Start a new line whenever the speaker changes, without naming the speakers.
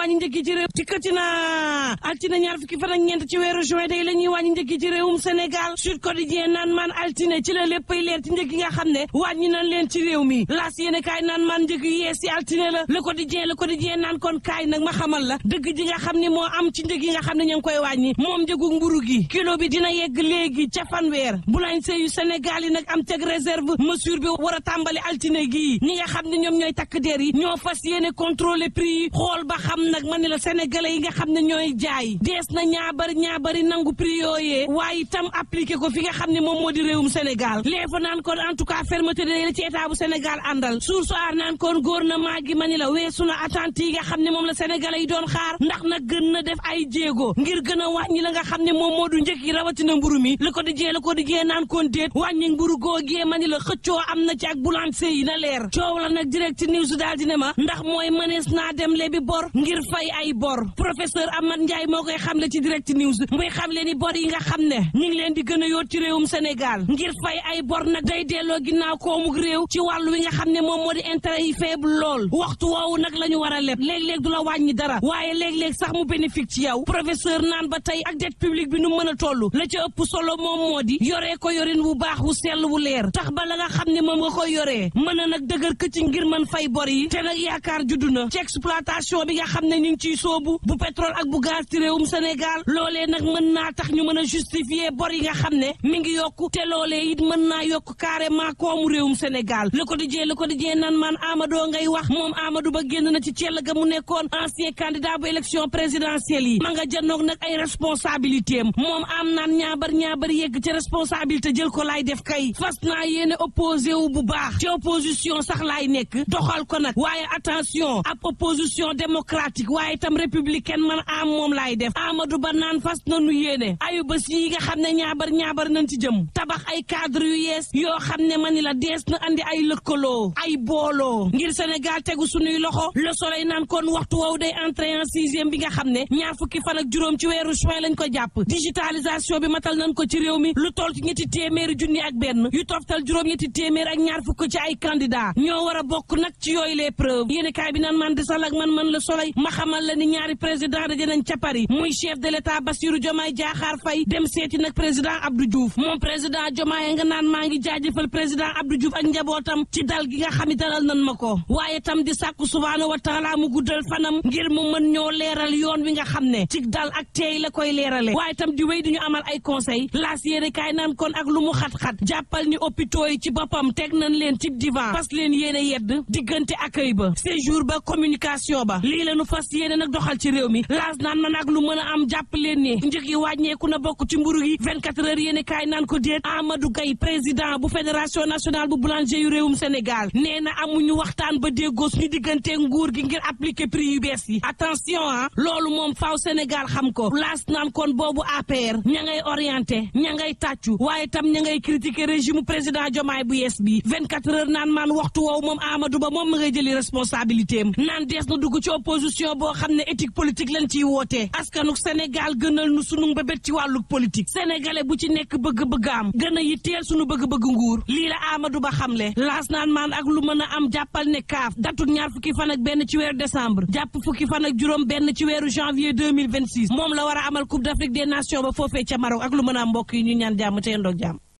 wàññi njëg yi ci réew dikkati na altine ñaar fukki fan ak ñeent ci weeru juin day la ñuy wàññi njëg yi ci réewum Sénégal Sud Quotidien naan maan altine ci la léppay leer ci njëg nga xam ne wàññi nañ leen ci réew mi laas yéene kaay naan maan njëg yu yees yi altine la Le Quotidien Le Quotidien naan kon kaay nag ma xamal la dëgg ji nga xam ne moo am ci njëg yi nga xam ne ñu ngi koy wàññi moom njëgu mburu gi kilo bi dina yegg léegi ca fanweer boulanger yu Sénégal yi nag am teg réserve mesure bi war a tàmbali altine gii ñi nga xam ne ñoom ñooy takk der yi ñoo fas yéene contrôler prix yi xool ba xam nag ma ne la sénégalais yi nga xam ne ñooy jaay dees na ñaabari ñaabari nangu prix yooyee waaye tam appliqué ko fi nga xam ne moom moo di réewum Sénégal lee fa naan kon en tout cas fermeté day la ci état bu Sénégal àndal source aar naan kon gouvernement gi ma ni la weesu na attente yi nga xam ne moom la sénégalais yi doon xaar ndax nag gën na def ay jéego ngir gën a wàññi la nga xam ne moom moo du njëkk yi rawatina mburu mi ko di jee la ko di jee naan kon déet wàññi mburu googee ma ni la xëccoo am na ci ak yi na leer coow la nag direct news daal di ne ma ndax mooy mënees naa dem lebi bor ngir ngir fay ay bor professeur Amath Ndiaye moo koy xamle ci direct news muy xamle ni bor yi nga xam ne ñu ngi leen di gën a yóot ci réewum Sénégal ngir fay ay bor nag day delloo ko mu réew ci wàllu wi nga xam ne moom moo di intérêt yi faible lool waxtu woowu nag la ñu war a leb léeg-léeg du la wàññi dara waaye léeg leg sax mu bénéfique ci yow professeur naan ba tey ak dette publique bi nu mën a toll la ca ëpp solo moom di yoree ko yorin wu baax wu sell wu leer tax ba la nga xam ne moom nga koy yoree mën a nag dëgër këcc ngir mën fay bor yi te bi ne ñu ngi ciy soobu bu pétrole ak bu gaz réew réewum Sénégal loolee nag mën naa tax ñu mën a justifier bor yi nga xam ne mi ngi yokk te loolee it man naa yokk carrément koomu réewum Sénégal Le jé Le Quotidien nan man amado ngay wax moom Amadou Ba génn na ci cell ga mu nekkoon ancien candidat bu élection présidentielle yi ma nga janoog nag ay responsabilité am moom am naan ñaabar ñaabar yegg ci responsabilité jël ko laay def kay fas naa yéene opposé wu bu baax ci opposition sax laay nekk doxal ko nag waaye attention ab politique waaye itam républicaine man am moom laay def Amadou Ba naan fas na nu yéene ayu bés nga xam ne ñaabar ñaabar nañ ci jëm tabax ay cadre yu yees yoo xam ne mani la dees na andi ay lëkkaloo ay booloo ngir Sénégal tegu sunuy loxo Le Soleil naan kon waxtu woowu day entrée en sixième bi nga xam ne ñaar fukki fan ak juróom ci weeru juin lañ ko jàpp digitalisation bi matal nañ ko ci réew mi lu toll ci ñetti téeméeri junni ak benn yu toftal juróom ñetti téeméer ak ñaar fukk ci ay candidat ñoo war bokk nag ci yooyu les preuves yéene kaay bi naan man di man man Le Soleil ma xamal la ni ñaari président daje nañ ca Paris muy chef de l'état Bassirou Diomaye Diakhar Faye dem seeti nag président Abdou Diouf moom président Diomaye nga naan maa ngi jaajëfal président Abdou Diouf ak njabootam ci dal gi nga xam dalal nan ma ko waaye tam di sàkku subhaanahu wa taala mu guddal fanam ngir mu man ñoo leeral yoon wi nga xam ne ci dal ak teey la koy leerale waaye tam di wéy di ñu amal ay conseil laas yéene kaay naan kon ak lu mu xat-xat jàppal ni hôpitaux yi ci boppam teg nañ leen ci divan parce que leen yéene yedd diggante accueil ba séjour ba communication ba fas yéene nag doxal ci réew mi laas naan man ak lu mën am jàpp leen ne njëg yi wàññeeku na bokk ci mburu yi 24 heures yéene kaay naan ko déet Amadou Gaye président bu fédération nationale bu boulanger yu réewum Sénégal nee na amuñu waxtaan ba déggoo suñu diggante nguur gi ngir appliquer prix yu bees yi attention ah loolu moom faaw Sénégal xam ko laas naan kon boobu APR ña ngay orienté ña ngay tàccu waaye tam ña ngay critiquer régime président Diomaye bu yees bi 24 heures naan maan waxtu woowu moom Amadou ma ngay jëli responsabilité am naan dees na dugg ci opposition union boo xam ne éthique politique lañ ciy wootee askanu Sénégal gënal nu sunu mbébét ci wàllu politique sénégalais bu ci nekk bëgg-bëgg am gën a yitteel sunu bëgg-bëgg nguur lii la Amadou Ba xamle laas naan maan ak lu mën a am jàppal ne kaaf datu ñaar fukki fan benn ci weeru décembre jàpp fukki fan ak juróom benn ci weeru janvier 2026 moom la war a amal Coupe d'Afrique des Nations ba foofee ca Maroc ak lu am mbokk yi ñu ñaan jàmm te yendoog jàmm